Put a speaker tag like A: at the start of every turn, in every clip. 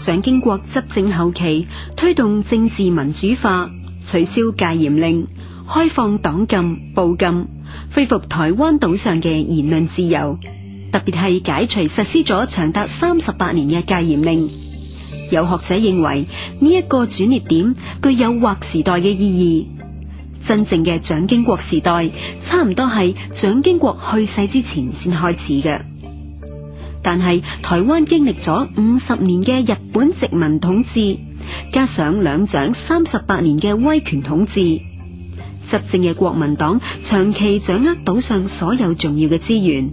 A: 蔣經國執政後期推動政治民主化，取消戒嚴令，開放黨禁、報禁，恢復台灣島上嘅言論自由，特別係解除實施咗長達三十八年嘅戒嚴令。有學者認為呢一個轉捩點具有劃時代嘅意義。真正嘅蔣經國時代，差唔多係蔣經國去世之前先開始嘅。但係台灣經歷咗五十年嘅日本殖民統治，加上兩蔣三十八年嘅威權統治，執政嘅國民黨長期掌握島上所有重要嘅資源，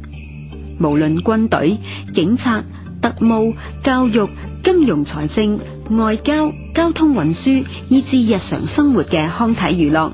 A: 無論軍隊、警察、特務、教育、金融、財政、外交、交通運輸，以至日常生活嘅康體娛樂。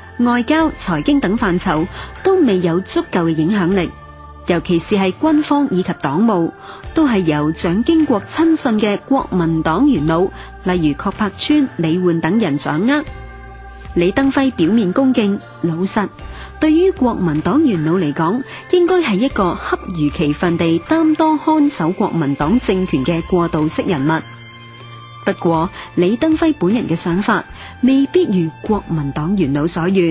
A: 外交、財經等範疇都未有足夠嘅影響力，尤其是係軍方以及黨務，都係由蔣經國親信嘅國民黨元老，例如郝柏村、李煥等人掌握。李登輝表面恭敬老實，對於國民黨元老嚟講，應該係一個恰如其分地擔當看守國民黨政權嘅過渡式人物。不過李登輝本人嘅想法未必如國民黨元老所願。